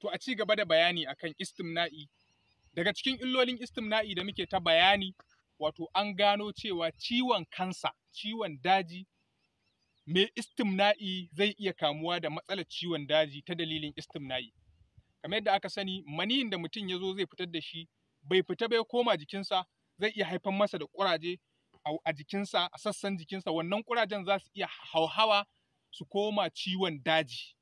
To a ci gaba da bayani akan istimna'i daga cikin illolin istimna'i da muke ta bayani wato an gano cewa ciwon kansa ciwon daji mai istimna'i zai iya kamuwa da matsalar ciwon daji ta dalilin istimna'i kamar yadda aka sani maniyin da mutum ya zo zai fitar da shi bai fita bai koma jikinsa zai iya haifar masa da kuraje a jikinsa a sassan jikinsa wannan kurajen za su iya hauhawa su koma ciwon daji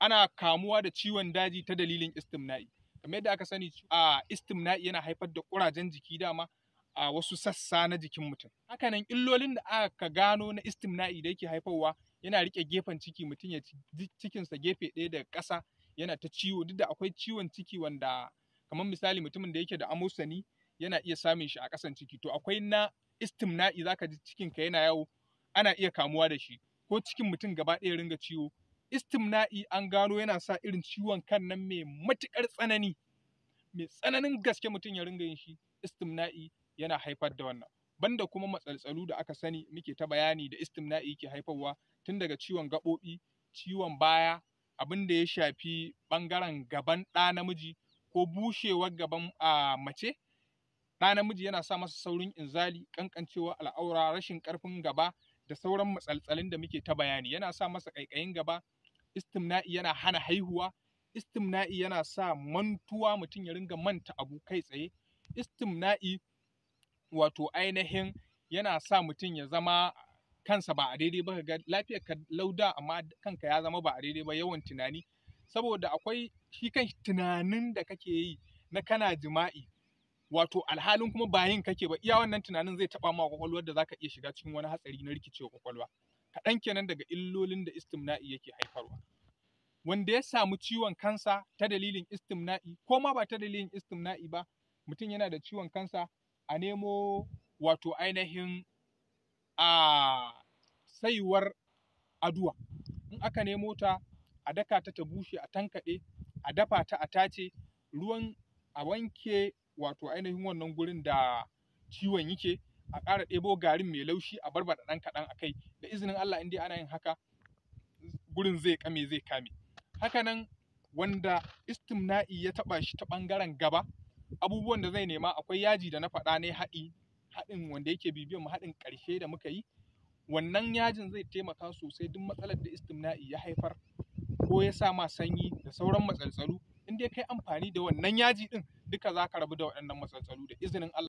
ana kamuwa da ciwon daji ta dalilin istimna'i kamar yadda aka sani a istimna'i yana haifar da ƙurajen jiki dama a wasu sassa na jikin mutum hakanan illolin da aka gano na istimna'i da yake haifarwa yana rike gefen ciki mutum ya cikinsa gefe ɗaya daga ƙasa yana ta ciwo duk da akwai ciwon ciki wanda kamar misali mutumin da yake da amosani yana iya samun shi a ƙasan ciki to akwai na istimna'i zaka ji cikinka yana yawo ana iya kamuwa da shi ko cikin mutum gaba ɗaya ringa ciwo istimna'i an gano yana sa irin ciwon kan nan mai matuƙar tsanani mai tsananin gaske mutum ya ringa yin shi istimna'i yana haifar da wannan banda kuma matsaltsalu da aka sani muke ta bayani da istimna'i ke haifarwa tun daga ciwon gaɓoɓi ciwon baya abin da ya shafi ɓangaren gaban ɗa namiji ko bushewar gaban a mace ɗa namiji yana sa masa saurin inzali kankancewa al'aura rashin ƙarfin gaba da sauran matsaltsalin da muke ta bayani yana sa masa ƙaiƙayin gaba istimna'i yana hana haihuwa istimna'i yana sa mantuwa mutum ya ringa manta abu kai tsaye istimna'i wato ainihin yana sa mutum ya zama kansa ba a daidai ba ga lafiyar ka lauda amma kanka ya zama ba a daidai ba yawan tunani saboda akwai shi kan tunanin da kake yi na kana jima'i wato alhalin kuma bayin kake ba iya wannan tunanin zai taba ma kwakwalwar da zaka iya shiga cikin wani hatsari na rikicewa kwakwalwa kaɗan kenan daga illolin da istimna'i yake haifarwa wanda ya samu ciwon kansa ta dalilin istimna'i ko ma ba ta dalilin istimna'i ba mutum yana da ciwon kansa a nemo wato ainihin a saiwar aduwa in aka nemo ta a daka ta ta bushe a tankaɗe a dafa ta a tace ruwan a wanke wato ainihin wannan gurin da ciwon yake a ƙara ɗebo garin mai laushi a barbaɗa ɗan kaɗan a kai da izinin Allah in dai ana yin haka gurin zai kame zai kame haka nan wanda istimna'i ya taɓa shi ta ɓangaren gaba abubuwan da zai nema akwai yaji da na faɗa ne haɗi haɗin wanda yake bibiyan mu haɗin ƙarshe da muka yi wannan yajin zai taimaka sosai duk matsalar da istimna'i ya haifar ko ya sa ma sanyi da sauran matsaltsalu in dai kai amfani da wannan yaji ɗin duka za ka rabu da waɗannan matsaltsalu da izinin Allah